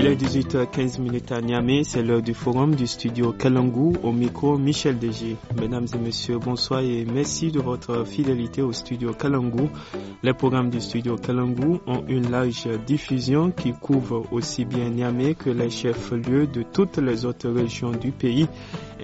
Il est 18h15 à Niamey, c'est l'heure du forum du studio Kalangou au micro Michel Dégé. Mesdames et messieurs, bonsoir et merci de votre fidélité au studio Kalangou. Les programmes du studio Kalangou ont une large diffusion qui couvre aussi bien Niamey que les chefs-lieux de toutes les autres régions du pays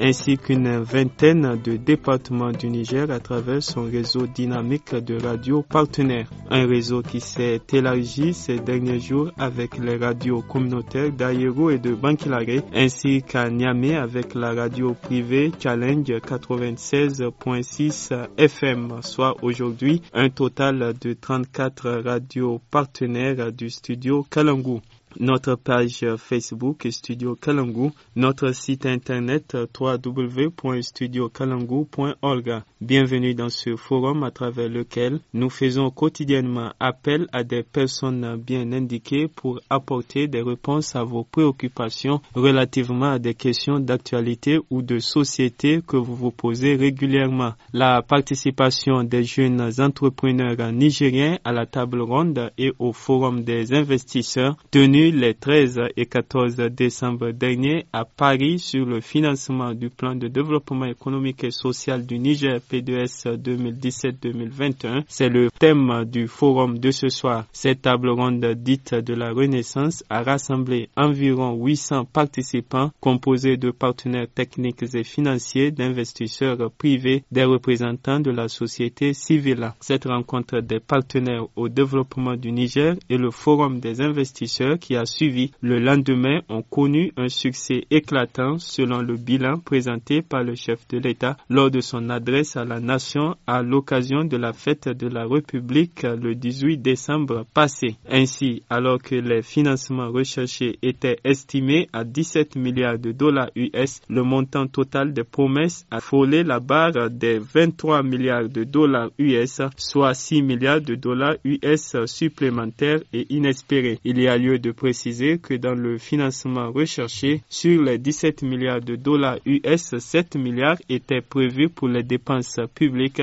ainsi qu'une vingtaine de départements du Niger à travers son réseau dynamique de radios partenaires. Un réseau qui s'est élargi ces derniers jours avec les radios communautaires d'Ayero et de Bankilare, ainsi qu'à Niamey avec la radio privée Challenge 96.6 FM, soit aujourd'hui un total de 34 radios partenaires du studio Kalangou notre page euh, Facebook Studio Kalangu, notre site internet euh, www.studiokalangu.org. Bienvenue dans ce forum à travers lequel nous faisons quotidiennement appel à des personnes bien indiquées pour apporter des réponses à vos préoccupations relativement à des questions d'actualité ou de société que vous vous posez régulièrement. La participation des jeunes entrepreneurs nigériens à la table ronde et au forum des investisseurs tenu les 13 et 14 décembre dernier à Paris sur le financement du plan de développement économique et social du Niger 2017-2021. C'est le thème du forum de ce soir. Cette table ronde dite de la Renaissance a rassemblé environ 800 participants composés de partenaires techniques et financiers, d'investisseurs privés, des représentants de la société civile. Cette rencontre des partenaires au développement du Niger et le forum des investisseurs qui a suivi le lendemain ont connu un succès éclatant selon le bilan présenté par le chef de l'État lors de son adresse à la nation à l'occasion de la fête de la République le 18 décembre passé. Ainsi, alors que les financements recherchés étaient estimés à 17 milliards de dollars US, le montant total des promesses a frôlé la barre des 23 milliards de dollars US, soit 6 milliards de dollars US supplémentaires et inespérés. Il y a lieu de préciser que dans le financement recherché, sur les 17 milliards de dollars US, 7 milliards étaient prévus pour les dépenses public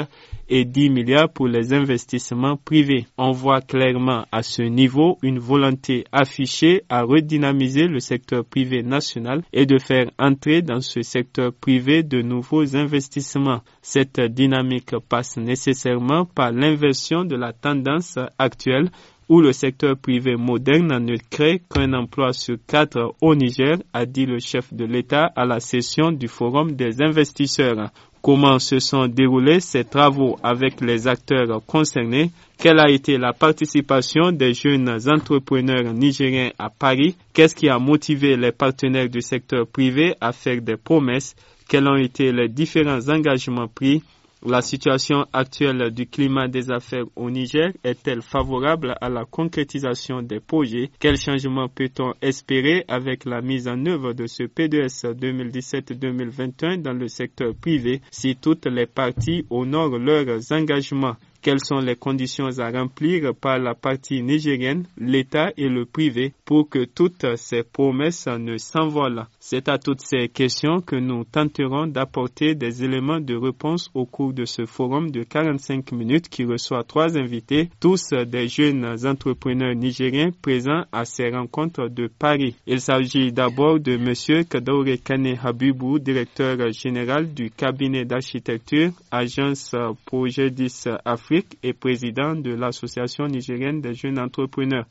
et 10 milliards pour les investissements privés. On voit clairement à ce niveau une volonté affichée à redynamiser le secteur privé national et de faire entrer dans ce secteur privé de nouveaux investissements. Cette dynamique passe nécessairement par l'inversion de la tendance actuelle où le secteur privé moderne ne crée qu'un emploi sur quatre au Niger, a dit le chef de l'État à la session du Forum des investisseurs. Comment se sont déroulés ces travaux avec les acteurs concernés Quelle a été la participation des jeunes entrepreneurs nigériens à Paris Qu'est-ce qui a motivé les partenaires du secteur privé à faire des promesses Quels ont été les différents engagements pris la situation actuelle du climat des affaires au Niger est-elle favorable à la concrétisation des projets Quel changement peut-on espérer avec la mise en œuvre de ce PDS 2017-2021 dans le secteur privé si toutes les parties honorent leurs engagements quelles sont les conditions à remplir par la partie nigérienne, l'État et le privé pour que toutes ces promesses ne s'envolent c'est à toutes ces questions que nous tenterons d'apporter des éléments de réponse au cours de ce forum de 45 minutes qui reçoit trois invités, tous des jeunes entrepreneurs nigériens présents à ces rencontres de Paris. Il s'agit d'abord de M. Kadore Kane Habibou, directeur général du cabinet d'architecture, agence Projet 10 Afrique et président de l'Association nigérienne des jeunes entrepreneurs.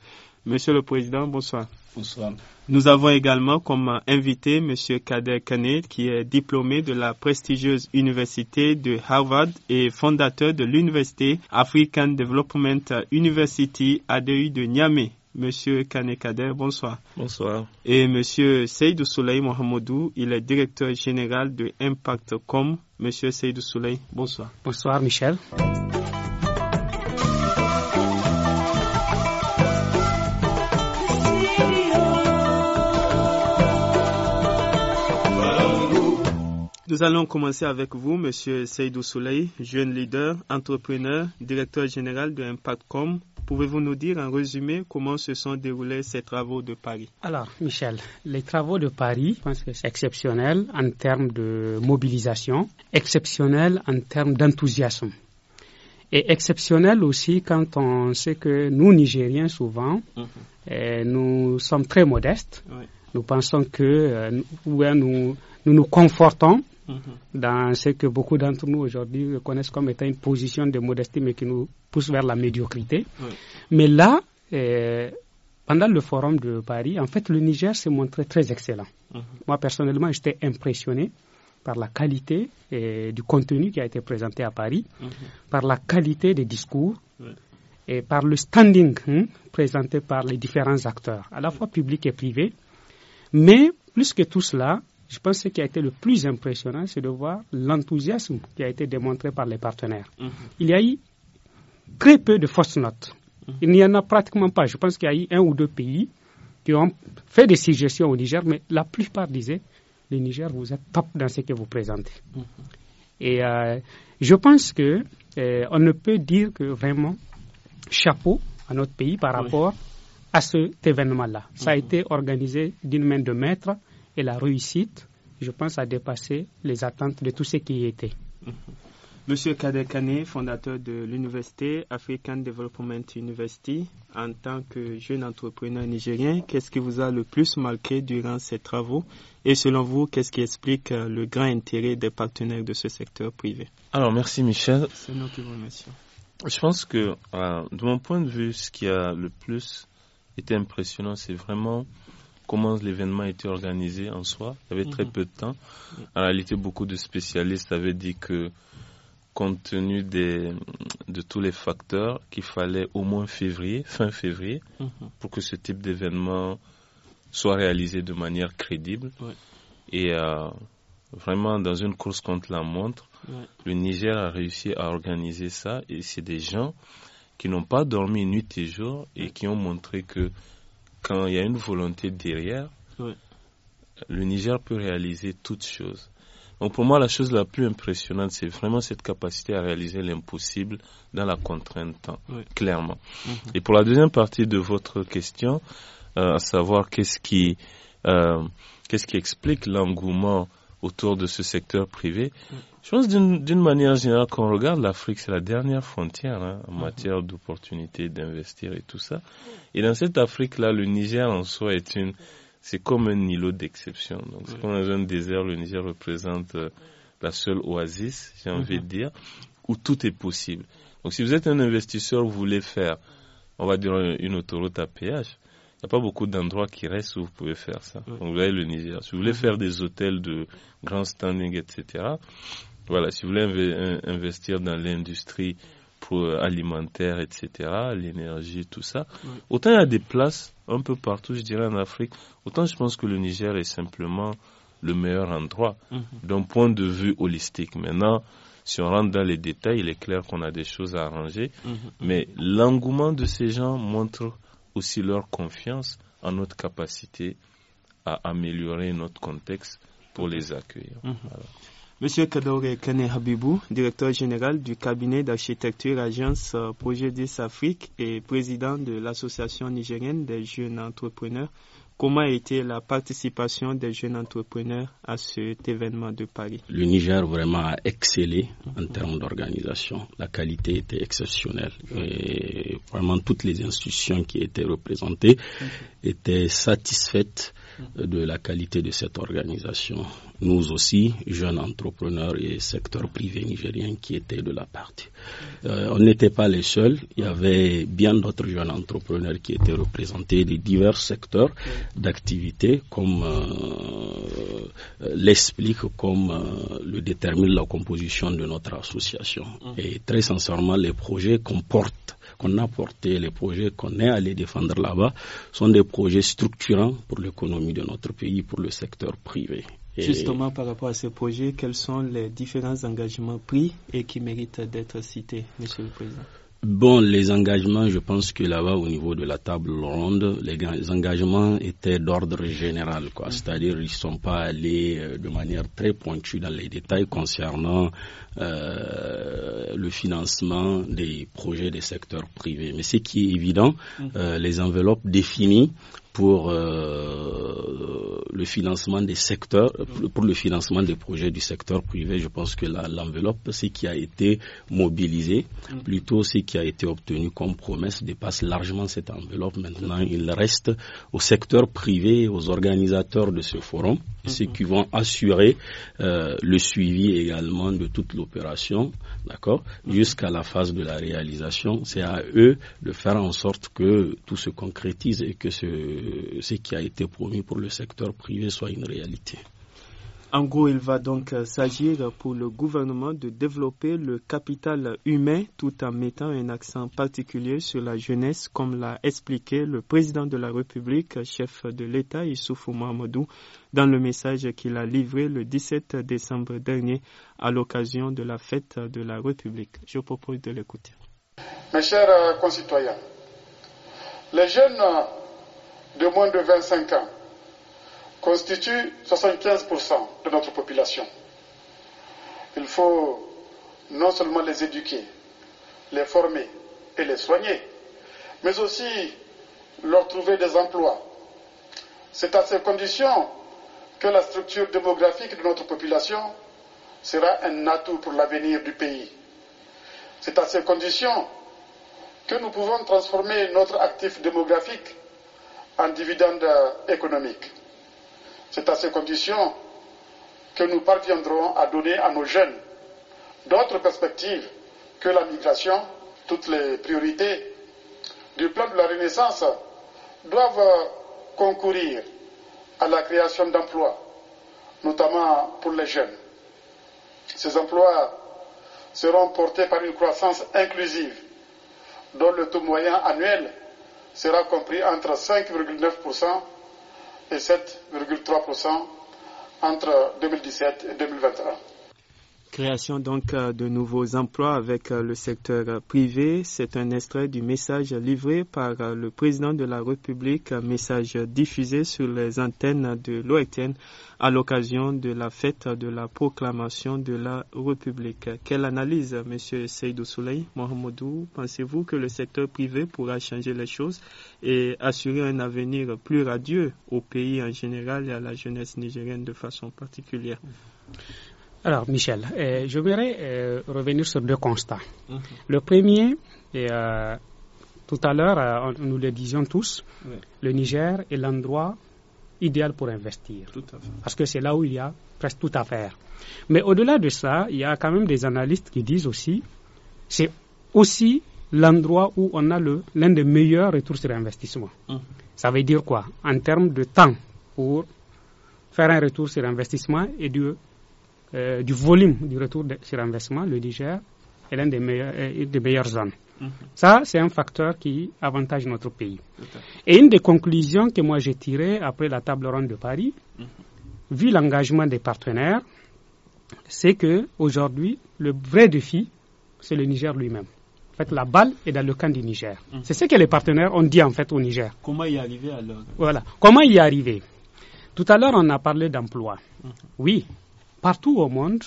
Monsieur le Président, bonsoir. Bonsoir. Nous avons également comme invité M. Kader Kane, qui est diplômé de la prestigieuse université de Harvard et fondateur de l'université African Development University ADU de Niamey. Monsieur Kane Kader, bonsoir. Bonsoir. Et Monsieur Seydou Souley Mohamedou, il est directeur général de Impact.com. Monsieur Seydou Souley, bonsoir. Bonsoir, Michel. Nous allons commencer avec vous, M. Seydou Souley, jeune leader, entrepreneur, directeur général de Impactcom. Pouvez-vous nous dire en résumé comment se sont déroulés ces travaux de Paris Alors, Michel, les travaux de Paris, je pense que c'est exceptionnel en termes de mobilisation, exceptionnel en termes d'enthousiasme. Et exceptionnel aussi quand on sait que nous, Nigériens, souvent, mhm. eh, nous sommes très modestes. Nous pensons que euh, nous, nous nous confortons Mhm. dans ce que beaucoup d'entre nous aujourd'hui connaissent comme étant une position de modestie, mais qui nous pousse vers la médiocrité. Mais là, eh, pendant le forum de Paris, en fait, le Niger s'est montré très excellent. Mhm. Moi, personnellement, j'étais impressionné par la qualité eh, du contenu qui a été présenté à Paris, mhm. par la qualité des discours. et par le standing hein, présenté par les différents acteurs, à la fois publics et privés. Mais plus que tout cela, je pense que ce qui a été le plus impressionnant, c'est de voir l'enthousiasme qui a été démontré par les partenaires. Mhm. Il y a eu très peu de fausses notes. Mhm. Il n'y en a pratiquement pas. Je pense qu'il y a eu un ou deux pays qui ont fait des suggestions au Niger, mais la plupart disaient le Niger, vous êtes top dans ce que vous présentez. Mhm. Et euh, je pense que euh, on ne peut dire que vraiment chapeau à notre pays par rapport à cet événement-là. Ça a été organisé d'une main de maître et la réussite, je pense, a dépassé les attentes de tous ceux qui y étaient. Mm-hmm. Monsieur Kader Kane, fondateur de l'université African Development University, en tant que jeune entrepreneur nigérien, qu'est-ce qui vous a le plus marqué durant ces travaux et selon vous, qu'est-ce qui explique euh, le grand intérêt des partenaires de ce secteur privé Alors, merci Michel. C'est nous qui vous remercions. Je pense que, euh, de mon point de vue, ce qui a le plus été impressionnant, c'est vraiment comment l'événement été organisé en soi. Il y avait très mhm. peu de temps. En réalité, beaucoup de spécialistes avaient dit que compte tenu des, de tous les facteurs, qu'il fallait au moins février, fin février, mhm. pour que ce type d'événement soit réalisé de manière crédible. Et euh, vraiment, dans une course contre la montre, le Niger a réussi à organiser ça. Et c'est des gens qui n'ont pas dormi nuit et jour et qui ont montré que quand il y a une volonté derrière, le Niger peut réaliser toutes chose. Donc pour moi, la chose la plus impressionnante, c'est vraiment cette capacité à réaliser l'impossible dans la contrainte, temps, hein, clairement. Mhm. Et pour la deuxième partie de votre question, euh, à savoir qu'est-ce qui, euh, qu'est-ce qui explique l'engouement autour de ce secteur privé. Je pense d'une manière générale, qu'on regarde l'Afrique, c'est la dernière frontière hein, en matière d'opportunités d'investir et tout ça. Et dans cette Afrique-là, le Niger en soi est une, c'est comme un îlot d'exception. Donc, c'est comme dans un désert, le Niger représente euh, la seule oasis, j'ai envie de mhm. dire, où tout est possible. Donc, si vous êtes un investisseur, vous voulez faire, on va dire, une autoroute à péage, n'y a pas beaucoup d'endroits qui restent où vous pouvez faire ça. Donc, vous avez le Niger. Si vous voulez mhm. faire des hôtels de grand standing, etc., voilà, si vous voulez investir dans l'industrie euh, alimentaire, etc., l'énergie, tout ça, autant il y a des places un peu partout, je dirais, en Afrique, autant je pense que le Niger est simplement le meilleur endroit mhm. d'un point de vue holistique. Maintenant, si on rentre dans les détails, il est clair qu'on a des choses à arranger, mhm. mais l'engouement de ces gens montre aussi leur confiance en notre capacité à améliorer notre contexte pour les accueillir. Mhm. Monsieur Kadore Kane Habibou, directeur général du cabinet d'architecture Agence euh, Projet 10 Afrique et président de l'Association nigérienne des jeunes entrepreneurs Comment a été la participation des jeunes entrepreneurs à cet événement de Paris Le Niger vraiment a excellé en termes d'organisation. La qualité était exceptionnelle. Et vraiment toutes les institutions qui étaient représentées étaient satisfaites de la qualité de cette organisation. Nous aussi, jeunes entrepreneurs et secteur privé nigériens qui étaient de la partie. Euh, on n'était pas les seuls. Il y avait bien d'autres jeunes entrepreneurs qui étaient représentés des divers secteurs d'activité, comme euh, euh, l'explique, comme le détermine la composition de notre association. Mmh. Et très sincèrement, les projets comportent qu'on a portés, les projets qu'on est allé défendre là-bas sont des projets structurants pour l'économie de notre pays, pour le secteur privé. Justement, par rapport à ces projets, quels sont les différents engagements pris et qui méritent d'être cités, Monsieur le Président Bon, les engagements, je pense que là-bas, au niveau de la table ronde, les, engagements étaient d'ordre général, quoi. Mm. C'est-à-dire, ils ne sont pas allés euh, de manière très pointue dans les détails concernant euh, le financement des projets des secteurs privés. Mais ce qui est évident, mm. euh, les enveloppes définies pour euh, le financement des secteurs, euh, pour le financement des projets du secteur privé, je pense que l'enveloppe, ce qui a été mobilisé, mm. plutôt ce qui a été obtenu comme promesse, dépasse largement cette enveloppe. Maintenant, il reste au secteur privé, aux organisateurs de ce forum, mm-hmm. ceux qui vont assurer euh, le suivi également de toute l'opération, d'accord, mm-hmm. jusqu'à la phase de la réalisation. C'est à eux de faire en sorte que tout se concrétise et que ce ce qui a été promis pour le secteur privé soit une réalité. En gros, il va donc euh, s'agir pour le gouvernement de développer le capital humain tout en mettant un accent particulier sur la jeunesse, comme l'a expliqué le président de la République, chef de l'État, Issoufou Mohamedou, dans le message qu'il a livré le 17 décembre dernier à l'occasion de la fête de la République. Je propose de l'écouter. Mes chers euh, concitoyens, les jeunes de moins de 25 ans constitue 75% de notre population. Il faut non seulement les éduquer, les former et les soigner, mais aussi leur trouver des emplois. C'est à ces conditions que la structure démographique de notre population sera un atout pour l'avenir du pays. C'est à ces conditions que nous pouvons transformer notre actif démographique en dividendes économiques. C'est à ces conditions que nous parviendrons à donner à nos jeunes d'autres perspectives que la migration, toutes les priorités du plan de la Renaissance doivent concourir à la création d'emplois, notamment pour les jeunes. Ces emplois seront portés par une croissance inclusive, dont le taux moyen annuel sera compris entre 5,9% et 7,3% entre 2017 et 2021. Création donc euh, de nouveaux emplois avec euh, le secteur euh, privé, c'est un extrait du message livré par le président de la République, message diffusé sur les antennes de l'OETN à l'occasion de la fête de la proclamation de la République. Quelle analyse, Monsieur Seydou Souley, Mohamedou, pensez-vous que le secteur privé pourra changer les choses et assurer un avenir plus radieux au pays en général et à la jeunesse nigérienne de façon particulière? Alors, Michel, euh, je voudrais euh, revenir sur deux constats. Mhm. Le premier, euh, tout à l'heure, nous le disions tous, le Niger est l'endroit idéal pour investir. Parce que c'est là où il y a presque tout à faire. Mais au-delà de ça, il y a quand même des analystes qui disent aussi, c'est aussi l'endroit où on a l'un des meilleurs retours sur investissement. Mhm. Ça veut dire quoi En termes de temps pour faire un retour sur investissement et de euh, du volume du retour sur investissement, le Niger est l'un des meilleurs, euh, meilleures zones. Mhm. Ça, c'est un facteur qui avantage notre pays. Et une des conclusions que moi j'ai tirées après la table ronde de Paris, mhm. vu l'engagement des partenaires, c'est que le vrai défi, c'est le Niger lui-même. En fait, la balle est dans le camp du Niger. Mhm. C'est ce que les partenaires ont dit en fait au Niger. Comment y arriver alors Voilà. Comment y arriver Tout à l'heure, on a parlé d'emploi. Oui, Partout au monde,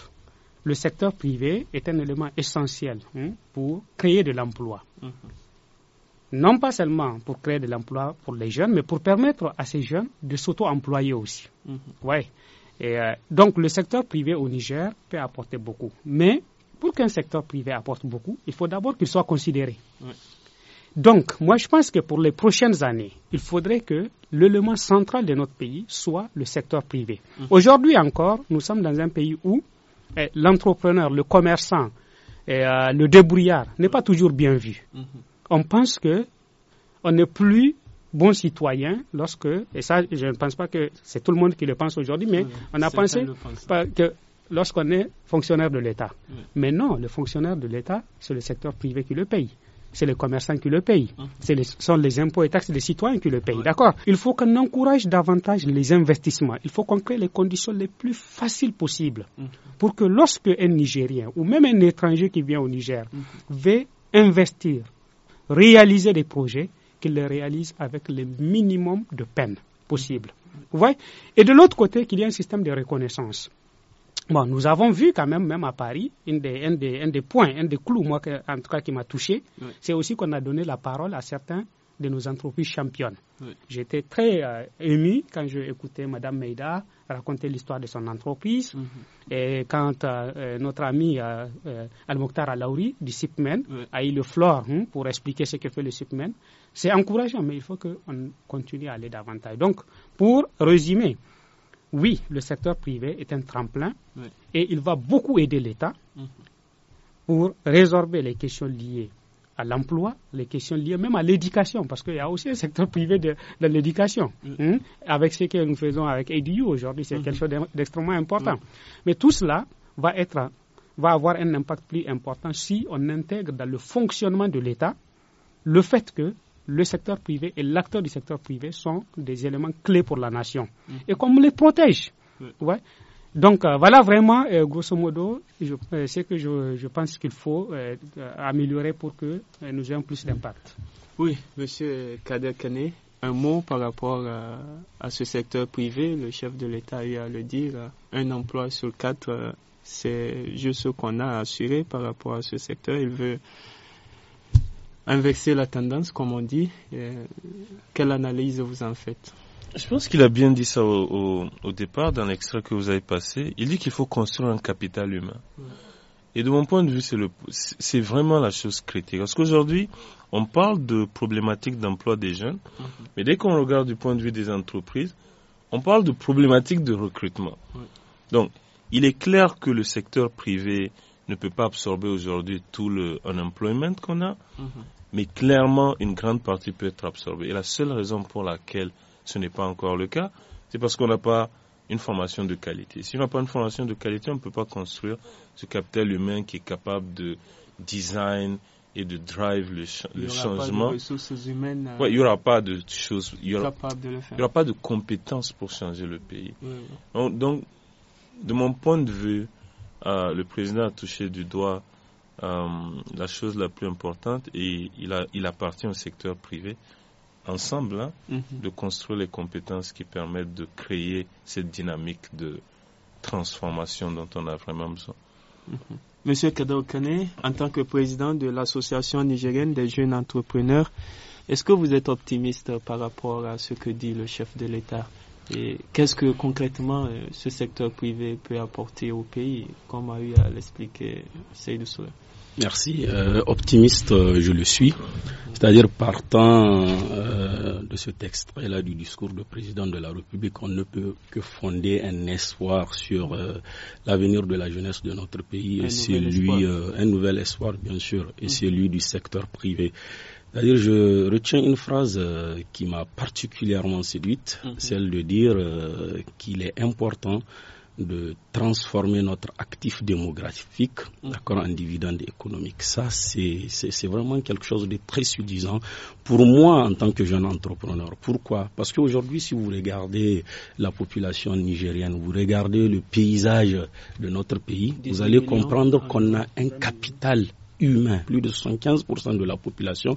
le secteur privé est un élément essentiel hein, pour créer de l'emploi. Mm-hmm. Non pas seulement pour créer de l'emploi pour les jeunes, mais pour permettre à ces jeunes de s'auto-employer aussi. Mm-hmm. Euh, donc le secteur privé au Niger peut apporter beaucoup. Mais pour qu'un secteur privé apporte beaucoup, il faut d'abord qu'il soit considéré. Donc, moi, je pense que pour les prochaines années, il faudrait que l'élément central de notre pays soit le secteur privé. Mhm. Aujourd'hui encore, nous sommes dans un pays où eh, l'entrepreneur, le commerçant, eh, euh, le débrouillard n'est pas toujours bien vu. Mhm. On pense que on n'est plus bon citoyen lorsque, et ça, je ne pense pas que c'est tout le monde qui le pense aujourd'hui, mais on a pensé que lorsqu'on est fonctionnaire de l'État. Mais non, le fonctionnaire de l'État, c'est le secteur privé qui le paye c'est les commerçants qui le payent. Hein? Ce sont les impôts et taxes des citoyens qui le payent. D'accord Il faut qu'on encourage davantage les investissements. Il faut qu'on crée les conditions les plus faciles possibles hein? pour que lorsque un Nigérien ou même un étranger qui vient au Niger hein? veuille investir, réaliser des projets, qu'il les réalise avec le minimum de peine possible. Vous voyez Et de l'autre côté, qu'il y ait un système de reconnaissance. Bon, nous avons vu quand même, même à Paris, un des, points, un des clous, moi, en tout cas, qui m'a touché, c'est aussi qu'on a donné la parole à certains de nos entreprises championnes. J'étais très euh, ému quand j'ai écouté Mme Meida raconter l'histoire de son entreprise. Mm-hmm. Et quand euh, euh, notre ami Al-Mokhtar Alaouri du SIPMEN a eu le floor hein, pour expliquer ce que fait le SIPMEN, c'est encourageant, mais il faut qu'on continue à aller davantage. Donc, pour résumer, oui, le secteur privé est un tremplin et il va beaucoup aider l'État mhm. pour résorber les questions liées à l'emploi, les questions liées même à l'éducation, parce qu'il y a aussi un secteur privé de, l'éducation. Hein. Avec ce que nous faisons avec ADU aujourd'hui, c'est mhm. quelque chose d'extrêmement important. Mais tout cela va, va avoir un impact plus important si on intègre dans le fonctionnement de l'État le fait que le secteur privé et l'acteur du secteur privé sont des éléments clés pour la nation. Et qu'on les protège. Ouais. Donc euh, voilà vraiment, euh, grosso modo, euh, ce que je, pense qu'il faut améliorer pour que nous ayons plus d'impact. Oui, Monsieur Kader Kene un mot par rapport à, ce secteur privé. Le chef de l'État a eu à le dire, un emploi sur quatre, c'est juste ce qu'on a assuré par rapport à ce secteur. Il veut inverser la tendance, comme on dit. quelle analyse vous en faites je pense qu'il a bien dit ça au, départ dans l'extrait que vous avez passé. Il dit qu'il faut construire un capital humain. Et de mon point de vue, c'est, vraiment la chose critique. Parce qu'aujourd'hui, on parle de problématiques d'emploi des jeunes, mhm. mais dès qu'on regarde du point de vue des entreprises, on parle de problématiques de recrutement. Donc, il est clair que le secteur privé, ne peut pas absorber aujourd'hui tout le unemployment qu'on a, mhm. mais clairement, une grande partie peut être absorbée. Et la seule raison pour laquelle ce n'est pas encore le cas, c'est parce qu'on n'a pas une formation de qualité. Si on n'a pas une formation de qualité, on ne peut pas construire ce capital humain qui est capable de design et de drive le, ch le changement. Humaines, euh, ouais, il n'y aura pas de choses. Il n'y aura, pas de compétences pour changer le pays. donc, de mon point de vue, euh, le président a touché du doigt euh, la chose la plus importante et il, appartient au secteur privé ensemble hein, mhm. de construire les compétences qui permettent de créer cette dynamique de transformation dont on a vraiment besoin. Mhm. Monsieur Kadokane, en tant que président de l'Association nigérienne des jeunes entrepreneurs, est-ce que vous êtes optimiste par rapport à ce que dit le chef de l'État et qu'est-ce que concrètement euh, ce secteur privé peut apporter au pays, comme a eu à l'expliquer Seydou Soule Merci. Euh, optimiste, euh, je le suis. C'est-à-dire partant de ce texte-là du discours du président de la République, on ne peut que fonder un espoir sur l'avenir de la jeunesse de notre pays et celui, un nouvel espoir bien sûr, et celui du secteur privé. D'ailleurs, je retiens une phrase euh, qui m'a particulièrement séduite, mhm. celle de dire euh, qu'il est important de transformer notre actif démographique mhm. d'accord, en dividende économique. Ça, c'est vraiment quelque chose de très séduisant pour moi en tant que jeune entrepreneur. Pourquoi Parce qu'aujourd'hui, si vous regardez la population nigérienne, vous regardez le paysage de notre pays, vous allez comprendre ah qu'on a un capital humain, plus de 75% de la population,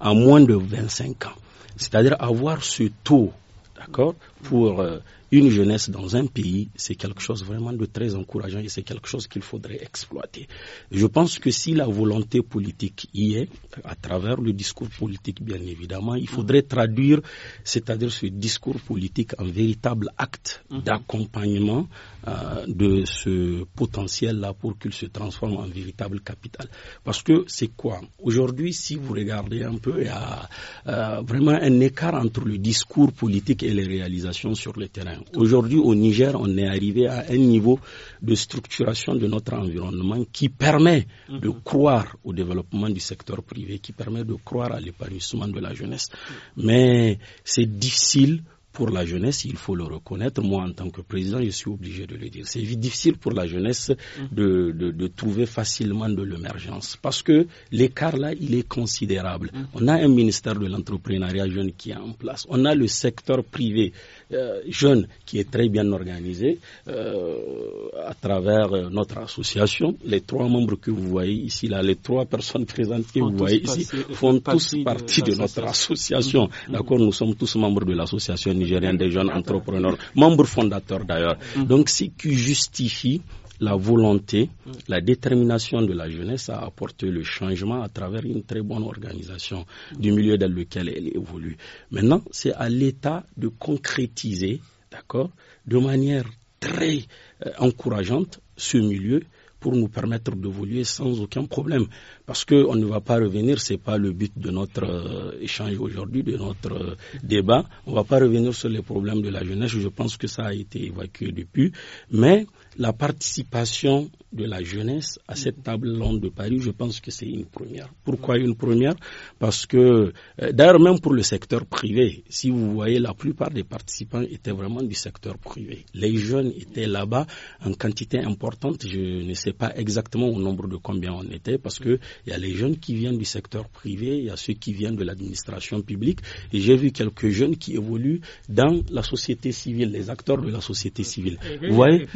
à moins de 25 ans. C'est-à-dire avoir ce taux, d'accord, pour euh, une jeunesse dans un pays, c'est quelque chose vraiment de très encourageant et c'est quelque chose qu'il faudrait exploiter. Je pense que si la volonté politique y est, à travers le discours politique bien évidemment, il faudrait traduire, c'est-à-dire ce discours politique en véritable acte mhm. d'accompagnement euh, de ce potentiel-là pour qu'il se transforme en véritable capital. Parce que c'est quoi Aujourd'hui, si vous regardez un peu, il y a euh, vraiment un écart entre le discours politique et les réalisations sur le terrain. Aujourd'hui, au Niger, on est arrivé à un niveau de structuration de notre environnement qui permet mhm. de croire au développement du secteur privé, qui permet de croire à l'épanouissement de la jeunesse. Mais c'est difficile pour la jeunesse, il faut le reconnaître. Moi, en tant que président, je suis obligé de le dire. C'est difficile pour la jeunesse mhm. de, de trouver facilement de l'émergence parce que l'écart là, il est considérable. Mhm. On a un ministère de l'entrepreneuriat jeune qui est en place. On a le secteur privé euh, jeune qui est très bien organisé euh, à travers euh, notre association. Les trois membres que vous voyez ici, là, les trois personnes présentes que vous voyez ici font tous partie de, notre association. Mm-hmm. Mm-hmm. D'accord, nous sommes tous membres de l'association nigérienne des jeunes entrepreneurs, membres fondateurs d'ailleurs. Mm-hmm. Donc, ce qui justifie la volonté, la détermination de la jeunesse à apporter le changement à travers une très bonne organisation du milieu dans lequel elle évolue. Maintenant, c'est à l'État de concrétiser, d'accord, de manière très euh, encourageante ce milieu pour nous permettre d'évoluer sans aucun problème. Parce qu'on ne va pas revenir, ce n'est pas le but de notre euh, échange aujourd'hui, de notre euh, débat. On ne va pas revenir sur les problèmes de la jeunesse, je pense que ça a été évacué depuis. Mais la participation de la jeunesse à cette table longue de Paris, je pense que c'est une première. Pourquoi une première Parce que, euh, d'ailleurs, même pour le secteur privé, si vous voyez, la plupart des participants étaient vraiment du secteur privé. Les jeunes étaient là-bas en quantité importante. Je ne sais pas exactement au nombre de combien on était, parce que il y a les jeunes qui viennent du secteur privé, il y a ceux qui viennent de l'administration publique, et j'ai vu quelques jeunes qui évoluent dans la société civile, les acteurs de la société civile. Vous voyez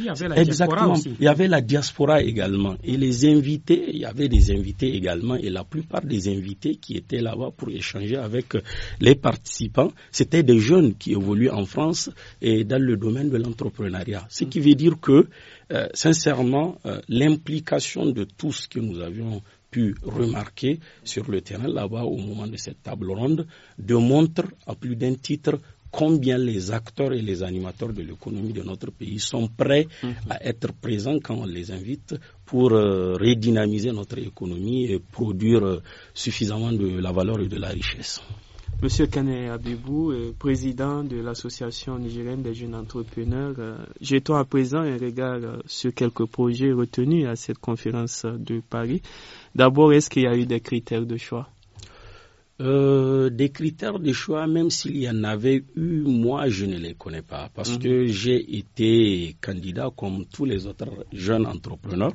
Exactement. Il y avait la diaspora également. Et les invités, il y avait des invités également. Et la plupart des invités qui étaient là-bas pour échanger avec euh, les participants, c'était des jeunes qui évoluent en France et dans le domaine de l'entrepreneuriat. Ce qui veut dire que, euh, sincèrement, euh, l'implication de tous que nous avions pu remarquer sur le terrain là-bas au moment de cette table ronde démontre à plus d'un titre combien les acteurs et les animateurs de l'économie de notre pays sont prêts mhm. à être présents quand on les invite pour euh, redynamiser notre économie et produire euh, suffisamment de la valeur et de la richesse. Monsieur Kane Abibou, euh, président de l'Association nigérienne des jeunes entrepreneurs, jetons à présent un regard sur quelques projets retenus à cette conférence de Paris. D'abord, est-ce qu'il y a eu des critères de choix euh, des critères de choix, même s'il y en avait eu, moi je ne les connais pas parce mhm. que j'ai été candidat comme tous les autres jeunes entrepreneurs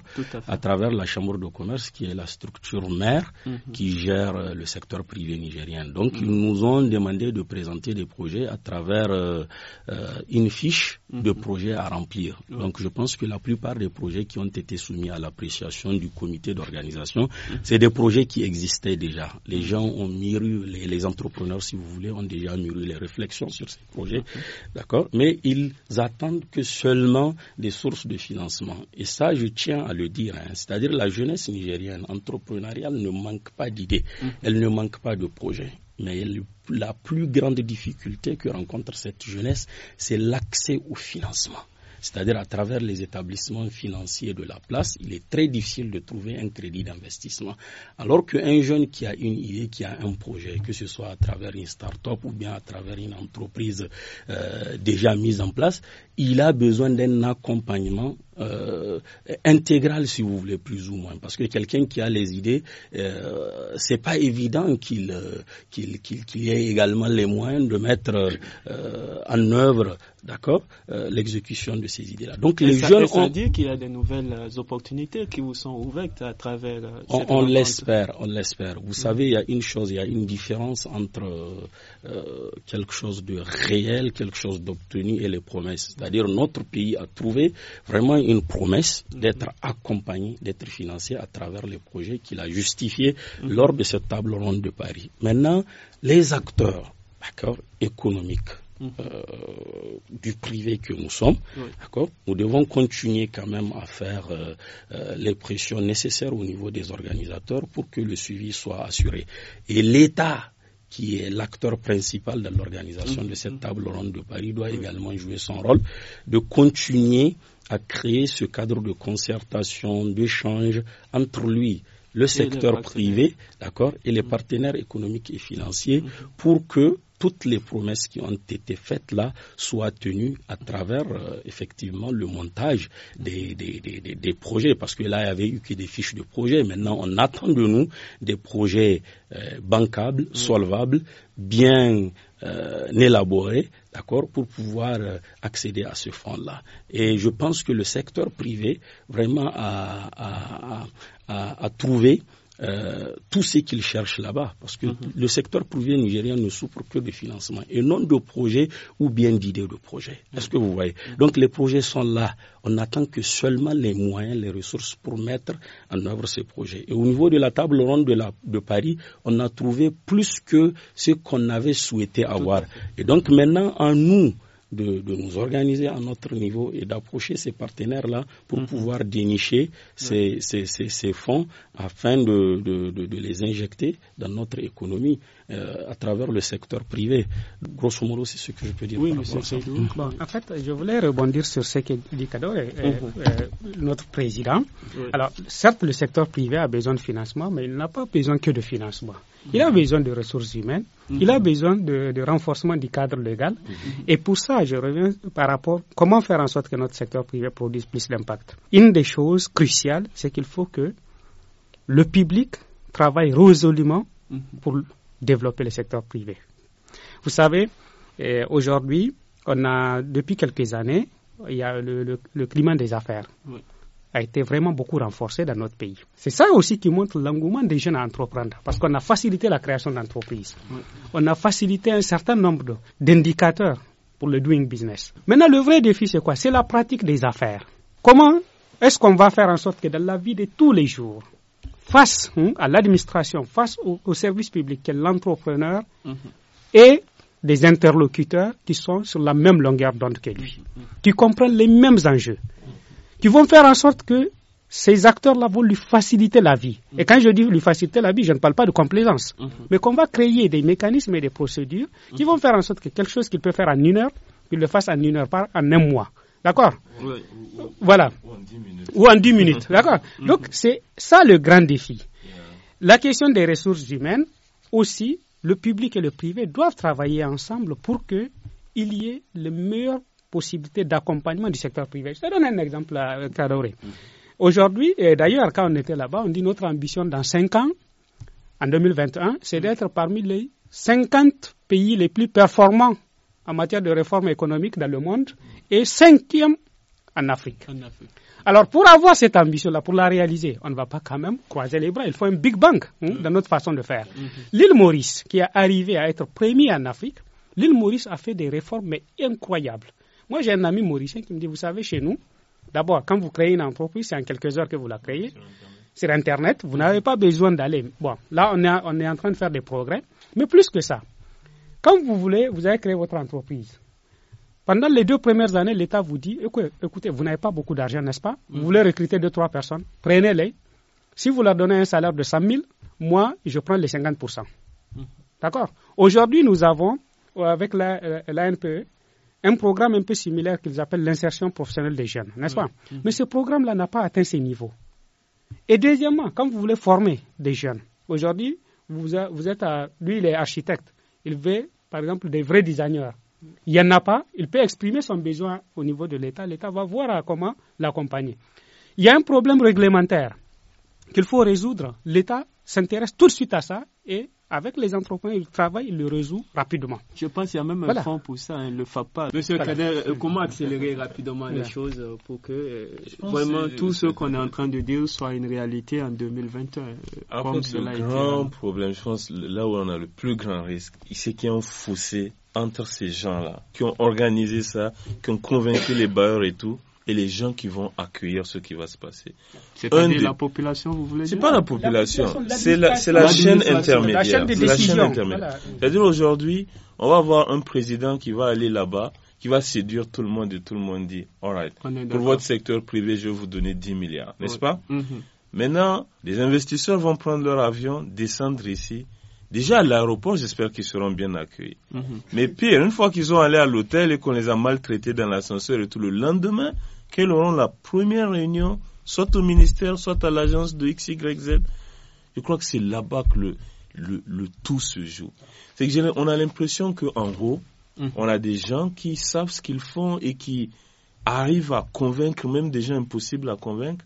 à, travers la Chambre de commerce qui est la structure mère mhm. qui gère euh, le secteur privé nigérien. Donc mhm. ils nous ont demandé de présenter des projets à travers euh, euh, une fiche de projets à remplir. Donc je pense que la plupart des projets qui ont été soumis à l'appréciation du comité d'organisation, c'est des projets qui existaient déjà. Les gens ont mis les, entrepreneurs, si vous voulez, ont déjà mûri les réflexions sur ces projets, d'accord Mais ils attendent que seulement des sources de financement. Et ça, je tiens à le dire. Hein. C'est-à-dire la jeunesse nigérienne entrepreneuriale ne manque pas d'idées, mmh. elle ne manque pas de projets. Mais la plus grande difficulté que rencontre cette jeunesse, c'est l'accès au financement c'est-à-dire à travers les établissements financiers de la place, il est très difficile de trouver un crédit d'investissement. Alors qu'un jeune qui a une idée, qui a un projet, que ce soit à travers une start-up ou bien à travers une entreprise euh, déjà mise en place, il a besoin d'un accompagnement euh, intégrale, si vous voulez, plus ou moins. Parce que quelqu'un qui a les idées, euh, c'est pas évident qu'il euh, qu'il qu'il ait également les moyens de mettre euh, en œuvre, d'accord, l'exécution de ces idées-là. Donc les jeunes ont... dire qu'il y a des nouvelles opportunités qui vous sont ouvertes à travers. on l'espère, on l'espère. Vous mm. savez, il y a une chose, il y a une différence entre quelque chose de réel, quelque chose d'obtenu et les promesses. C'est-à-dire notre pays a trouvé vraiment une promesse d'être accompagné, d'être financé à travers les projets qu'il a justifiés mm-hmm. lors de cette table ronde de Paris. Maintenant, les acteurs économiques mm-hmm. euh, du privé que nous sommes, d'accord, nous devons continuer quand même à faire euh, euh, les pressions nécessaires au niveau des organisateurs pour que le suivi soit assuré. Et l'État qui est l'acteur principal de l'organisation de cette mm-hmm. table ronde de Paris, doit également jouer son rôle de continuer à créer ce cadre de concertation, d'échange entre lui, le secteur privé, d'accord, et les mmh. partenaires économiques et financiers mmh. pour que toutes les promesses qui ont été faites là soient tenues à travers euh, effectivement le montage des, des, des, projets. Parce que là, il y avait eu que des fiches de projets. Maintenant, on attend de nous des projets euh, bancables, mmh. solvables, bien euh, élaboré, d'accord, pour pouvoir euh, accéder à ce fonds-là. Et je pense que le secteur privé vraiment a, a trouvé euh, tout ce qu'ils cherchent là-bas, parce que mhm. le secteur privé nigérien ne souffre que de financement et non de projets ou bien d'idées de projets. Mhm. Est-ce que vous voyez mhm. Donc les projets sont là. On n'attend que seulement les moyens, les ressources pour mettre en œuvre ces projets. Et au niveau de la table ronde de, de Paris, on a trouvé plus que ce qu'on avait souhaité avoir. Et donc maintenant, en nous, de, nous organiser à notre niveau et d'approcher ces partenaires-là pour mhm. pouvoir dénicher ces, fonds afin de, les injecter dans notre économie euh, à travers le secteur privé. Grosso modo, c'est ce que je peux dire. Oui, en fait, je voulais rebondir sur ce que dit Kado, euh, euh, mhm. notre président. Alors, certes, le secteur privé a besoin de financement, mais il n'a pas besoin que de financement. Il a besoin de ressources humaines, il a besoin de, renforcement du cadre légal. Mhm. Et pour ça, je reviens par rapport à comment faire en sorte que notre secteur privé produise plus d'impact. Une des choses cruciales, c'est qu'il faut que le public travaille résolument mhm. pour développer le secteur privé. Vous savez, eh, aujourd'hui, on a depuis quelques années, il y a le, le climat des affaires. Oui a été vraiment beaucoup renforcé dans notre pays. C'est ça aussi qui montre l'engouement des jeunes à entreprendre, parce qu'on a facilité la création d'entreprises. On a facilité un certain nombre d'indicateurs pour le doing business. Maintenant, le vrai défi, c'est quoi C'est la pratique des affaires. Comment est-ce qu'on va faire en sorte que dans la vie de tous les jours, face hein, à l'administration, face au, service public, que l'entrepreneur ait mm-hmm. des interlocuteurs qui sont sur la même longueur d'onde que lui, qui mm-hmm. comprennent les mêmes enjeux qui vont faire en sorte que ces acteurs-là vont lui faciliter la vie. Et quand je dis lui faciliter la vie, je ne parle pas de complaisance, mhm. mais qu'on va créer des mécanismes et des procédures qui vont faire en sorte que quelque chose qu'il peut faire en une heure, qu'il le fasse en une heure par en un mois. D'accord Voilà. Ou en dix minutes. D'accord mhm. Donc, c'est ça le grand défi. La question des ressources humaines, aussi, le public et le privé doivent travailler ensemble pour que il y ait le meilleur possibilité d'accompagnement du secteur privé. Je te donne un exemple à euh, Kadoré. Aujourd'hui, et d'ailleurs, quand on était là-bas, on dit notre ambition dans 5 ans, en 2021, c'est d'être parmi les 50 pays les plus performants en matière de réformes économique dans le monde et cinquième en Afrique. En Afrique. Alors, pour avoir cette ambition-là, pour la réaliser, on ne va pas quand même croiser les bras. Il faut un big bang hein, mm-hmm. dans notre façon de faire. Mm-hmm. L'île Maurice, qui est arrivé à être premier en Afrique, l'île Maurice a fait des réformes incroyables. Moi, j'ai un ami mauricien qui me dit, vous savez, chez nous, d'abord, quand vous créez une entreprise, c'est en quelques heures que vous la créez. Sur Internet, vous n'avez pas besoin d'aller. Bon, là, on est, en train de faire des progrès. Mais plus que ça, quand vous voulez, vous avez créé votre entreprise. Pendant les deux premières années, l'État vous dit écoutez, vous n'avez pas beaucoup d'argent, n'est-ce pas Vous mm. voulez recruter deux, trois personnes, prenez-les. Si vous leur donnez un salaire de 100 000, moi, je prends les 50 mm. D'accord Aujourd'hui, nous avons, euh, avec la, euh, un programme un peu similaire qu'ils appellent l'insertion professionnelle des jeunes, n'est-ce pas mhm. Mais ce programme-là n'a pas atteint ces niveaux. Et deuxièmement, quand vous voulez former des jeunes, aujourd'hui, vous, êtes à, lui, il est architecte, il veut, par exemple, des vrais designers. Il n'y en a pas, il peut exprimer son besoin au niveau de l'État, l'État va voir à comment l'accompagner. Il y a un problème réglementaire qu'il faut résoudre. L'État s'intéresse tout de suite à ça et avec les entrepreneurs, ils travaillent, ils le résout rapidement. Je pense qu'il y a même un fonds pour ça, hein, le FAPA. Monsieur Kader, euh, comment accélérer rapidement les choses euh, pour que euh, vraiment tout ce qu'on est en train de dire soit une réalité en 2021 Après, comme Le grand problème, je pense, là où on a le plus grand risque, c'est qu'il y a un fossé entre ces gens-là qui ont organisé ça, qui ont convaincu les bailleurs et tout, et les gens qui vont accueillir ce qui va se passer. C'est pas la population, vous voulez dire C'est pas la population, c'est la, chaîne intermédiaire. La chaîne des décisions. C'est-à-dire aujourd'hui, on va avoir un président qui va aller là-bas, qui va séduire tout le monde et tout le monde dit, all pour votre secteur privé, je vais vous donner 10 milliards, n'est-ce pas mhm. Maintenant, les investisseurs vont prendre leur avion, descendre ici, Déjà à l'aéroport, j'espère qu'ils seront bien accueillis. Mhm. Mais pire, une fois qu'ils ont allé à l'hôtel et qu'on les a maltraités dans l'ascenseur et tout, le lendemain, qu'elles auront la première réunion, soit au ministère, soit à l'agence de XYZ. Je crois que c'est là-bas que le, le, tout se joue. C'est que on a l'impression qu'en gros, mm. on a des gens qui savent ce qu'ils font et qui arrivent à convaincre même des gens impossibles à convaincre.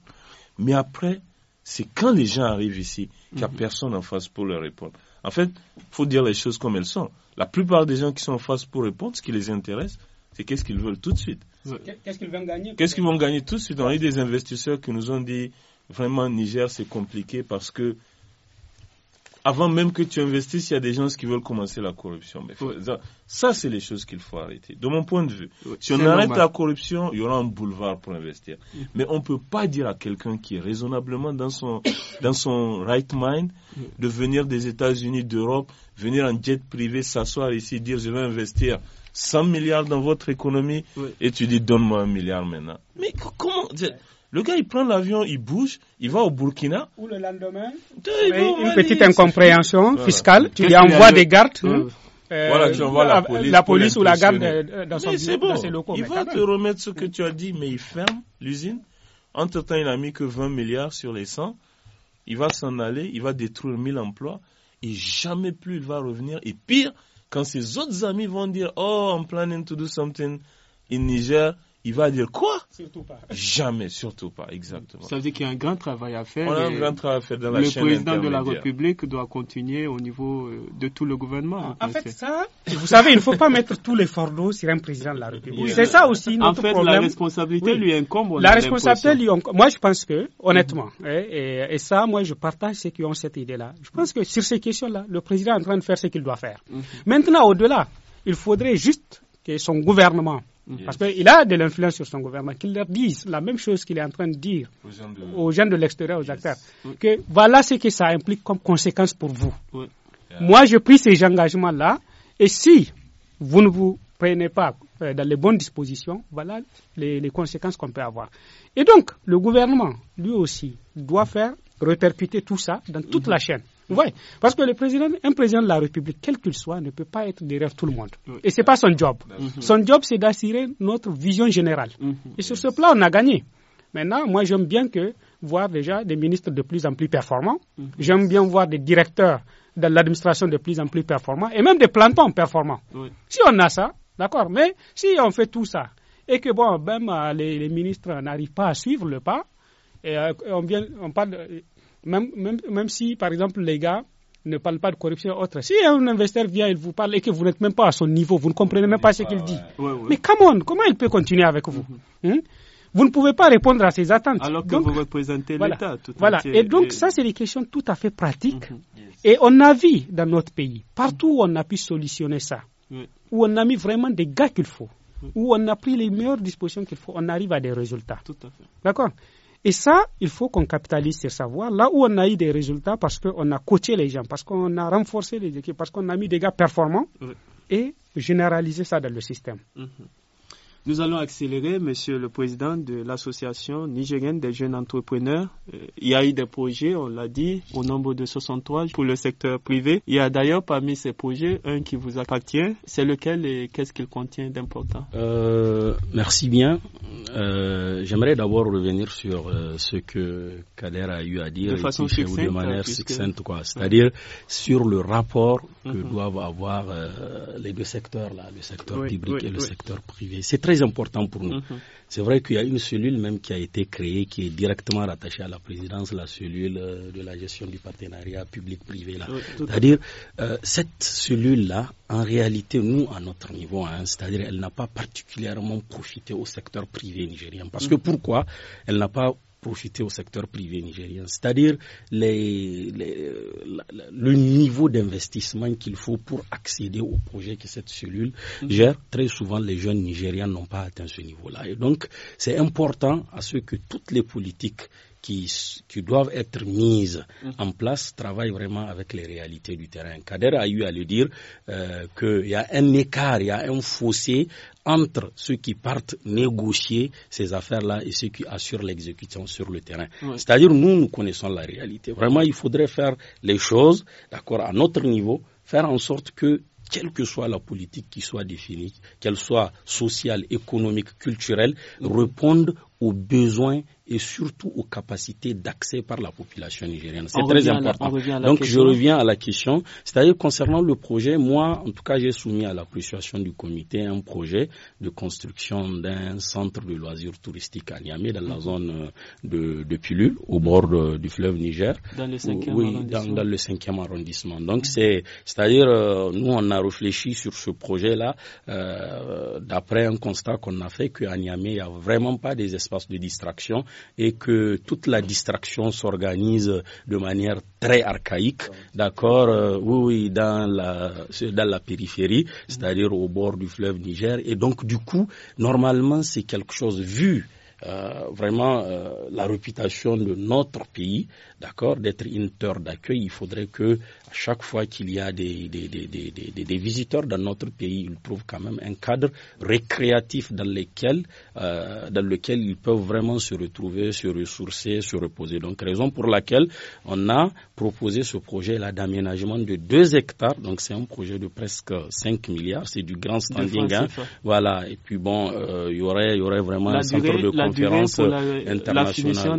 Mais après, c'est quand les gens arrivent ici qu'il n'y a mm-hmm. personne en face pour leur répondre. En fait, il faut dire les choses comme elles sont. La plupart des gens qui sont en face pour répondre, ce qui les intéresse, c'est qu'est-ce qu'ils veulent tout de suite. Qu'est-ce qu'ils vont gagner Qu'est-ce qu'ils vont gagner tout de suite On a des investisseurs qui nous ont dit vraiment Niger c'est compliqué parce que avant même que tu investisses, il y a des gens qui veulent commencer la corruption. Ça, c'est les choses qu'il faut arrêter. De mon point de vue, si on arrête la corruption, il y aura un boulevard pour investir. Mm-hmm. Mais on ne peut pas dire à quelqu'un qui est raisonnablement dans son, dans son right mind mm-hmm. de venir des États-Unis, d'Europe, venir en jet privé, s'asseoir ici, dire je vais investir. 100 milliards dans votre économie et tu dis donne-moi un milliard maintenant. Mais comment Le gars, il prend l'avion, il bouge, il va au Burkina. Ou le lendemain. Une petite incompréhension fiscale. Tu lui hein hein. euh, envoies des gardes. voilà, la police. ou la garde dans, son Il va te remettre ce que tu as dit, mais il ferme l'usine. Entre-temps, il n'a mis que 20 milliards sur les 100. Il va s'en aller, il va détruire 1000 emplois et jamais plus il va revenir. Et pire, quand ses autres amis vont dire Oh, I'm planning to do something in Niger, il va dire quoi Surtout Jamais, surtout pas, exactement. Ça veut dire qu'il y a un grand travail à faire. On a un grand travail à faire dans la chaîne Le président de la République doit continuer au niveau euh, de tout le gouvernement. Ah, en, fait, ça, vous savez, il ne faut pas mettre tous les fardeaux sur un président de la République. C'est ça aussi notre en fait, problème. En fait, la responsabilité lui incombe. La responsabilité lui incombe. Moi, je pense que, honnêtement, hein, et, ça, moi, je partage ceux qui ont cette idée-là. Je pense que sur ces questions-là, le président est en train de faire ce qu'il doit faire. Mhm. Maintenant, au-delà, il faudrait juste que son gouvernement parce qu'il a de l'influence sur son gouvernement, qu'il leur dise la même chose qu'il est en train de dire aux gens de, l'extérieur, aux acteurs, que voilà ce que ça implique comme conséquence pour vous. Moi, je pris ces engagements-là, et si vous ne vous prenez pas euh, dans les bonnes dispositions, voilà les, conséquences qu'on peut avoir. Et donc, le gouvernement, lui aussi, doit faire répercuter tout ça dans toute mm-hmm. la chaîne. Oui, Parce que le président, un président de la République, quel qu'il soit, ne peut pas être derrière tout le monde. Et ce n'est pas son job. Son job, c'est d'assurer notre vision générale. Mhm. Et sur ce plan, on a gagné. Maintenant, moi, j'aime bien que voir déjà des ministres de plus en plus performants. Mhm. J'aime bien voir des directeurs de l'administration de plus en plus performants et même des plantons performants. Si on a ça, d'accord, mais si on fait tout ça et que, bon, même euh, les, ministres n'arrivent pas à suivre le pas, et, euh, on, vient, on parle même, même, même si, par exemple, les gars ne parlent pas de corruption autre, si un investisseur vient, il vous parle et que vous n'êtes même pas à son niveau, vous ne comprenez même pas ce qu'il dit. Mais come on, comment il peut continuer avec vous mm-hmm. hein? vous ne pouvez pas répondre à ses attentes. Alors que donc, vous représentez l'État voilà, Voilà. Et donc, ça, c'est des questions tout à fait pratiques. Mm-hmm. Et on a vu dans notre pays, partout où on a pu solutionner ça, où on a mis vraiment des gars qu'il faut, où on a pris les meilleures dispositions qu'il faut, on arrive à des résultats. Tout à fait. D'accord et ça, il faut qu'on capitalise ce savoir là où on a eu des résultats parce qu'on a coaché les gens, parce qu'on a renforcé les équipes, parce qu'on a mis des gars performants et généraliser ça dans le système. Mhm. Nous allons accélérer, Monsieur le Président de l'Association nigérienne des jeunes entrepreneurs. Euh, il y a eu des projets, on l'a dit, au nombre de 63 pour le secteur privé. Il y a d'ailleurs parmi ces projets un qui vous appartient. C'est lequel et qu'est-ce qu'il contient d'important euh, Merci bien. Euh, j'aimerais d'abord revenir sur ce que Kader a eu à dire de, façon succincte, de manière succincte, C'est-à-dire sur le rapport que mhm. doivent avoir les deux secteurs, là, le secteur public et le secteur privé. C'est très très important pour nous. Mhm. C'est vrai qu'il y a une cellule même qui a été créée, qui est directement rattachée à la présidence, la cellule euh, de la gestion du partenariat public-privé. là. c'est-à-dire, euh, cette cellule-là, en réalité, nous, à notre niveau, hein, c'est-à-dire, elle n'a pas particulièrement profité au secteur privé nigérien. Parce que mhm. pourquoi Elle n'a pas profiter au secteur privé nigérien. C'est-à-dire le niveau d'investissement qu'il faut pour accéder au projet que cette cellule mm-hmm. gère. Très souvent, les jeunes nigériens n'ont pas atteint ce niveau-là. Et donc, c'est important à ce que toutes les politiques qui, qui doivent être mises mhm. en place travaillent vraiment avec les réalités du terrain. Kader a eu à le dire euh, qu'il y a un écart, il y a un fossé entre ceux qui partent négocier ces affaires-là et ceux qui assurent l'exécution sur le terrain. C'est-à-dire, nous, nous connaissons la réalité. Vraiment, il faudrait faire les choses, d'accord, à notre niveau, faire en sorte que quelle que soit la politique qui soit définie, qu'elle soit sociale, économique, culturelle, mhm. répondent aux besoins et surtout aux capacités d'accès par la population nigérienne. C'est très important. Donc je reviens à la question, c'est-à-dire concernant le projet, moi en tout cas j'ai soumis à l'appréciation du comité un projet de construction d'un centre de loisirs touristiques à Niamey dans la mhm. zone euh, de, de Pilule, au bord euh, du fleuve Niger. Dans le cinquième oui, arrondissement. Dans, dans le cinquième arrondissement. Donc mhm. c'est, c'est-à-dire euh, nous on a réfléchi sur ce projet-là d'après un constat qu'on a fait qu'à Niamey il n'y a vraiment pas des espaces de distraction et que toute la distraction s'organise de manière très archaïque, d'accord, euh, oui, oui, dans la, dans la périphérie, c'est-à-dire au bord du fleuve Niger. Et donc, du coup, normalement, c'est quelque chose vu euh, vraiment euh, la réputation de notre pays, d'accord, d'être une terre d'accueil. Il faudrait que à chaque fois qu'il y a des, des, des, des, visiteurs dans notre pays, ils trouvent quand même un cadre récréatif dans lequel, euh, dans lequel ils peuvent vraiment se retrouver, se ressourcer, se reposer. Donc, raison pour laquelle on a proposé ce projet-là d'aménagement de 2 hectares. Donc, c'est un projet de presque 5 milliards. C'est du grand standing. Hein. Voilà. Et puis, bon, il euh, y aurait, il y aurait vraiment un centre de conférence la, La finition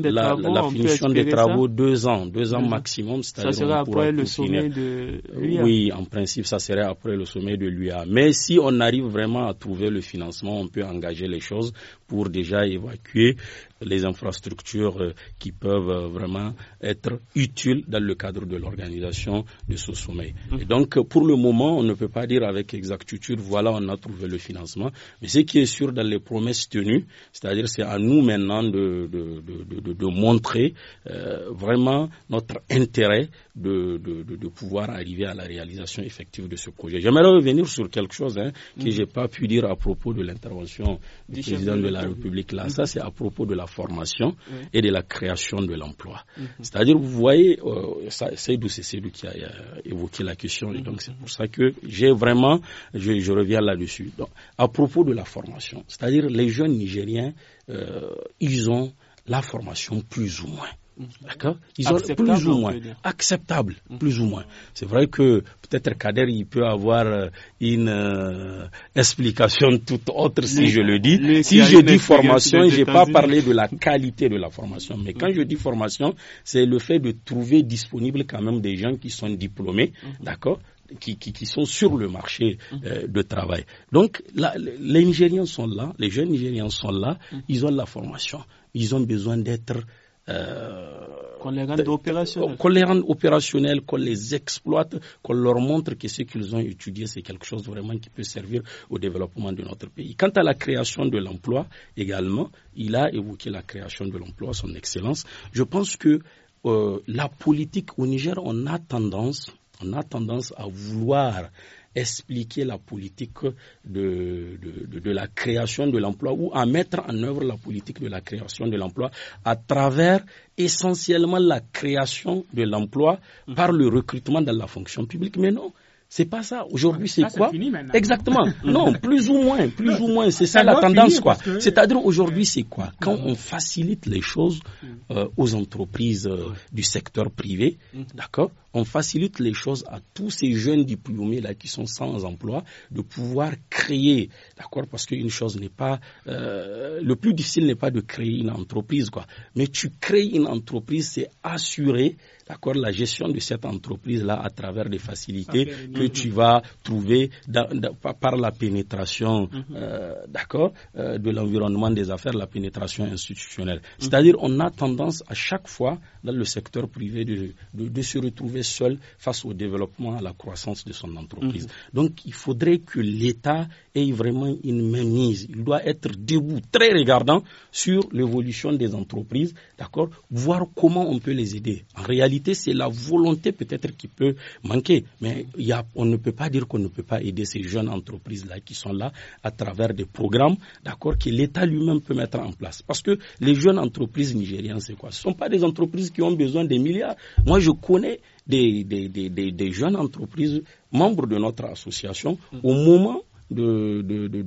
des travaux, de deux ans, deux ans mhm. maximum. Ça serait après le sommet de l'UA. Oui, en principe, ça serait après le sommet de l'UA. Mais si on arrive vraiment à trouver le financement, on peut engager les choses pour déjà évacuer les infrastructures euh, qui peuvent euh, vraiment être utiles dans le cadre de l'organisation de ce sommet. Mhm. Et donc, pour le moment, on ne peut pas dire avec exactitude, voilà, on a trouvé le financement. Mais ce qui est sûr dans les promesses tenues, c'est-à-dire c'est à nous maintenant de, de, de, montrer euh, vraiment notre intérêt de, de, pouvoir arriver à la réalisation effective de ce projet. J'aimerais revenir sur quelque chose hein, que mhm. j'ai pas pu dire à propos de l'intervention du, président de la République. Là, mhm. ça c'est à propos de la formation et de la création de l'emploi. Mhm. C'est-à-dire, vous voyez, euh, ça c'est lui qui a évoqué la question, et donc mhm. c'est pour ça que j'ai vraiment, je, reviens là-dessus. Donc, à propos de la formation, c'est-à-dire les jeunes Nigériens, euh, ils ont la formation plus ou moins. D'accord Ils ont plus ou moins. Acceptable, mm-hmm. plus ou moins. C'est vrai que peut-être Kader, il peut avoir euh, une euh, explication toute autre si je le dis. si je dis formation, je n'ai pas parlé de la qualité de la formation. Mais quand je dis formation, c'est le fait de trouver disponible quand même des gens qui sont diplômés, mm-hmm. d'accord qui, qui, sont sur le marché mm-hmm. euh, de travail. Donc, les Nigériens sont là, les jeunes Nigériens sont là, ils ont la formation, ils ont besoin d'être euh, qu'on les rende opérationnels. Qu'on les exploite, qu'on leur montre que ce qu'ils ont étudié, c'est quelque chose vraiment qui peut servir au développement de notre pays. Quant à la création de l'emploi, également, il a évoqué la création de l'emploi, son excellence. Je pense que euh, la politique au Niger, on a tendance, on a tendance à vouloir expliquer la politique de, de, la création de l'emploi ou à mettre en œuvre la politique de la création de l'emploi à travers essentiellement la création de l'emploi mhm. par le recrutement dans la fonction publique. Mais non, c'est pas ça. Aujourd'hui, ah, c'est quoi Exactement. non, plus ou moins, plus ou moins, c'est ça, la tendance, quoi. C'est-à-dire aujourd'hui, c'est quoi mhm. Quand on facilite les choses mhm. euh, aux entreprises euh, du secteur privé, d'accord on facilite les choses à tous ces jeunes diplômés là qui sont sans emploi de pouvoir créer, d'accord Parce qu'une chose n'est pas, euh, le plus difficile n'est pas de créer une entreprise, quoi. Mais tu crées une entreprise, c'est assurer, d'accord, la gestion de cette entreprise là à travers des facilités que tu vas trouver par la pénétration, mhm. euh, d'accord, euh, de l'environnement des affaires, la pénétration institutionnelle. Mhm. C'est-à-dire, on a tendance à chaque fois dans le secteur privé de se retrouver seul face au développement, à la croissance de son entreprise. Mhm. Donc il faudrait que l'État ait vraiment une mainmise. Il doit être debout, très regardant sur l'évolution des entreprises, d'accord, voir comment on peut les aider. En réalité, c'est la volonté peut-être qui peut manquer, mais il y a, on ne peut pas dire qu'on ne peut pas aider ces jeunes entreprises-là qui sont là à travers des programmes, d'accord, que l'État lui-même peut mettre en place. Parce que les jeunes entreprises nigériennes, c'est quoi Ce ne sont pas des entreprises qui ont besoin des milliards. Moi, je connais des, des, des, des jeunes entreprises membres de notre association au moment de, de, de,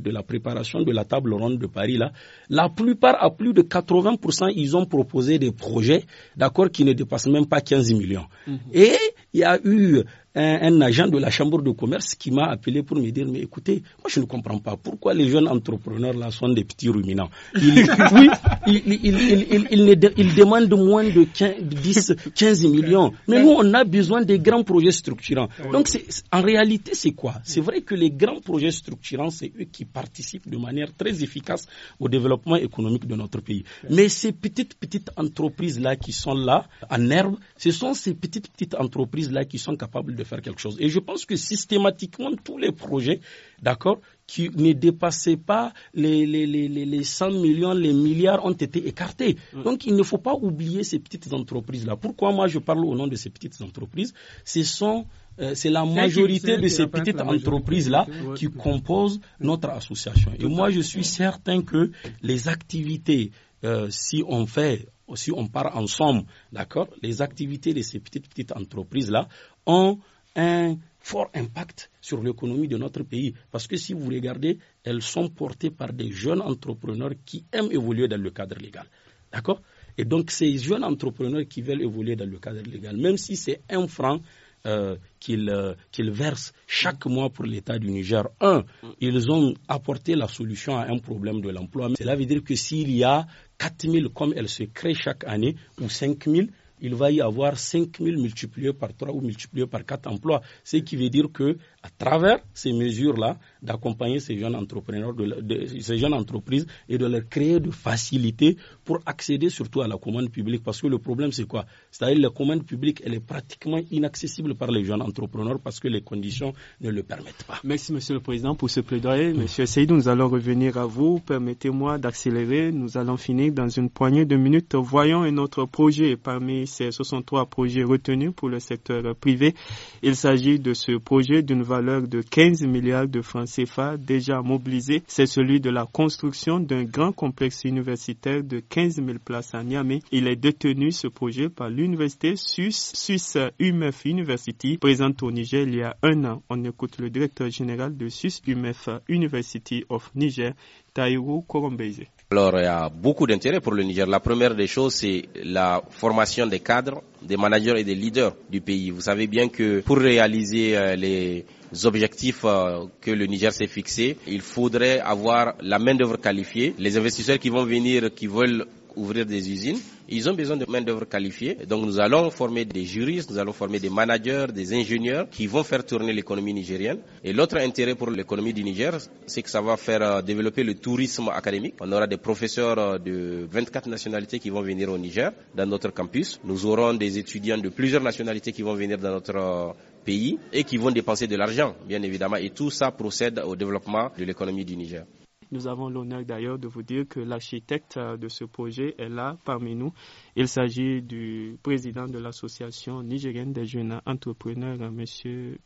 de, la préparation de la table ronde de Paris là, la plupart à plus de 80%, ils ont proposé des projets, d'accord, qui ne dépassent même pas 15 millions. Mhm. Et il y a eu un, agent de la chambre de commerce qui m'a appelé pour me dire, mais écoutez, moi je ne comprends pas pourquoi les jeunes entrepreneurs là sont des petits ruminants. Ils, ils ils, ils, ils, demandent moins de 15, 10, 15 millions. Mais nous, on a besoin des grands projets structurants. Donc en réalité, c'est quoi C'est vrai que les grands projets structurants, c'est eux qui participent de manière très efficace au développement économique de notre pays. Mais ces petites, petites entreprises-là qui sont là, en herbe, ce sont ces petites, petites entreprises-là qui sont capables de faire quelque chose. Et je pense que systématiquement, tous les projets, d'accord, qui ne dépassaient pas les, les, 100 millions, les milliards ont été écartés. Mm. Donc il ne faut pas oublier ces petites entreprises-là. Pourquoi moi je parle au nom de ces petites entreprises Ce sont euh, c'est la majorité de ces petites entreprises-là qui composent notre association. Et moi, je suis certain que les activités, euh, si on fait, si on part ensemble, d'accord, les activités de ces petites, petites entreprises-là ont un fort impact sur l'économie de notre pays. Parce que si vous regardez, elles sont portées par des jeunes entrepreneurs qui aiment évoluer dans le cadre légal. D'accord Et donc, ces jeunes entrepreneurs qui veulent évoluer dans le cadre légal, même si c'est un franc, euh, euh, qu'ils versent chaque mois pour l'État du Niger. Un, ils ont apporté la solution à un problème de l'emploi. Cela veut dire que s'il y a 4 000 comme elles se créent chaque année ou 5 000, il va y avoir 5 000 multipliés par 3 ou multipliés par 4 emplois. Ce qui veut dire que à travers ces mesures-là, d'accompagner ces jeunes entrepreneurs, de, ces jeunes entreprises et de leur créer de facilités pour accéder surtout à la commande publique. Parce que le problème, c'est quoi C'est-à-dire la commande publique, elle est pratiquement inaccessible par les jeunes entrepreneurs parce que les conditions ne le permettent pas. Merci, Monsieur le Président, pour ce plaidoyer. Monsieur Seydou, nous allons revenir à vous. Permettez-moi d'accélérer. Nous allons finir dans une poignée de minutes. Voyons un autre projet parmi ces 63 projets retenus pour le secteur privé. Il s'agit de ce projet d'une valeur de 15 milliards de francs CFA déjà mobilisés. c'est celui de la construction d'un grand complexe universitaire de 15 000 places à Niamey. Il est détenu ce projet par l'université suisse, suisse UMF e University, présente au Niger il y a un an. On écoute le directeur général de Suisse UMF e University of Niger, Taïwo Korombeze. Alors, il y a beaucoup d'intérêt pour le Niger. La première des choses, c'est la formation des cadres, des managers et des leaders du pays. Vous savez bien que pour réaliser euh, les objectifs euh, que le Niger s'est fixé, Il faudrait avoir la main-d'œuvre qualifiée. Les investisseurs qui vont venir, qui veulent ouvrir des usines, ils ont besoin de main-d'œuvre qualifiée. Donc nous allons former des juristes, nous allons former des managers, des ingénieurs qui vont faire tourner l'économie nigérienne. Et l'autre intérêt pour l'économie du Niger, c'est que ça va faire euh, développer le tourisme académique. On aura des professeurs euh, de 24 nationalités qui vont venir au Niger dans notre campus. Nous aurons des étudiants de plusieurs nationalités qui vont venir dans notre pays et qui vont dépenser de l'argent, bien évidemment. Et tout ça procède au développement de l'économie du Niger. Nous avons l'honneur d'ailleurs de vous dire que l'architecte de ce projet est là parmi nous. Il s'agit du président de l'association nigérienne des jeunes entrepreneurs, M.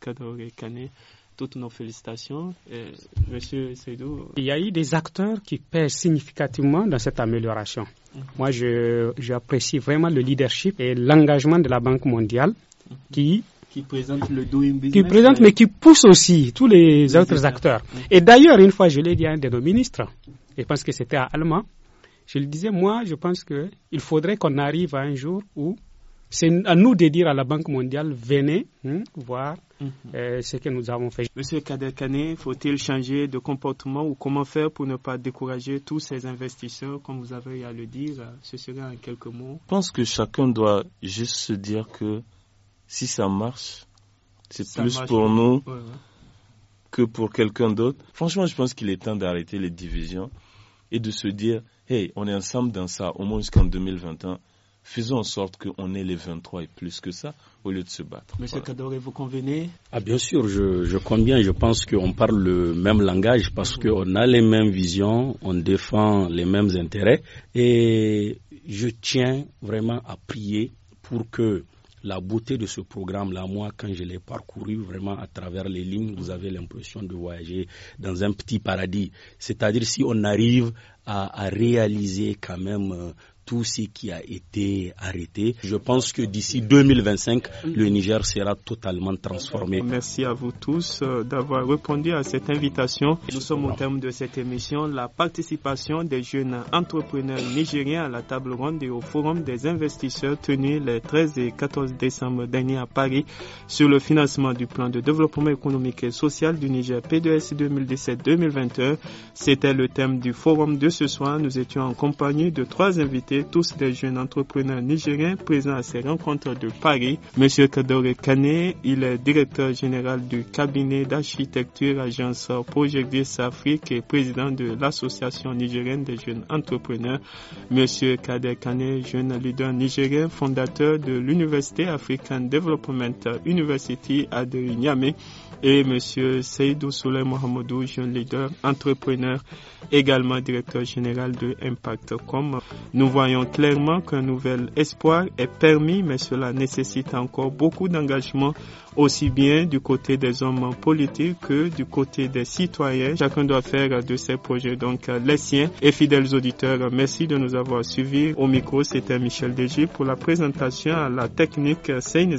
Kadore Kane. Toutes nos félicitations, et M. Seydou. Il y a eu des acteurs qui pèsent significativement dans cette amélioration. Mhm. Moi, j'apprécie vraiment le leadership et l'engagement de la Banque mondiale qui qui présente le doing business. Qui présente, euh, mais qui pousse aussi tous les, autres acteurs. Mm. Et d'ailleurs, une fois, je l'ai dit à un de nos ministres, je pense que c'était à Allemand, je lui disais, moi, je pense qu'il faudrait qu'on arrive à un jour où c'est à nous de dire à la Banque mondiale, venez hein, voir mm-hmm. euh, ce que nous avons fait. Monsieur Kader faut-il changer de comportement ou comment faire pour ne pas décourager tous ces investisseurs, comme vous avez à le dire Ce serait en quelques mots. Je pense que chacun doit juste se dire que si ça marche, c'est plus pour nous que pour quelqu'un d'autre. Franchement, je pense qu'il est temps d'arrêter les divisions et de se dire, hey, on est ensemble dans ça, au moins jusqu'en 2021. Faisons en sorte qu'on ait les 23 et plus que ça, au lieu de se battre. Monsieur Kadore, vous convenez Ah bien sûr, je, je bien. Je pense qu'on parle le même langage parce mhm. qu'on a les mêmes visions, on défend les mêmes intérêts. Et je tiens vraiment à prier pour que la beauté de ce programme-là, moi, quand je l'ai parcouru vraiment à travers les lignes, vous avez l'impression de voyager dans un petit paradis. C'est-à-dire si on arrive à, réaliser quand même euh, tout ce qui a été arrêté. Je pense que d'ici 2025, le Niger sera totalement transformé. Merci à vous tous euh, d'avoir répondu à cette invitation. Nous sommes au terme de cette émission. La participation des jeunes entrepreneurs nigériens à la table ronde et au forum des investisseurs tenu les 13 et 14 décembre dernier à Paris sur le financement du plan de développement économique et social du Niger P2S 2017-2021. C'était le thème du forum de ce soir. Nous étions en compagnie de trois invités tous des jeunes entrepreneurs nigériens présents à ces rencontres de Paris. Monsieur Kadore Kane, il est directeur général du cabinet d'architecture Agence VIS Afrique et président de l'Association nigérienne des jeunes entrepreneurs. Monsieur Kader Kane, jeune leader nigérien, fondateur de l'Université African Development University à de Niamey et Monsieur Seydou Souley Mohamedou, jeune leader entrepreneur, également directeur général de Impact. nous voyons voyons clairement qu'un nouvel espoir est permis, mais cela nécessite encore beaucoup d'engagement, aussi bien du côté des hommes politiques que du côté des citoyens. Chacun doit faire de ses projets donc les siens. Et fidèles auditeurs, merci de nous avoir suivis. Au micro, c'était Michel Degé pour la présentation à la technique Seine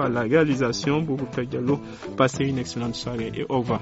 à la réalisation de l'eau Passez une excellente soirée et au revoir.